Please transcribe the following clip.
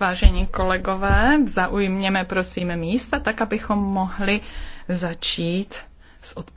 Vážení kolegové, zaujměme prosím místa, tak abychom mohli začít s odpovědí.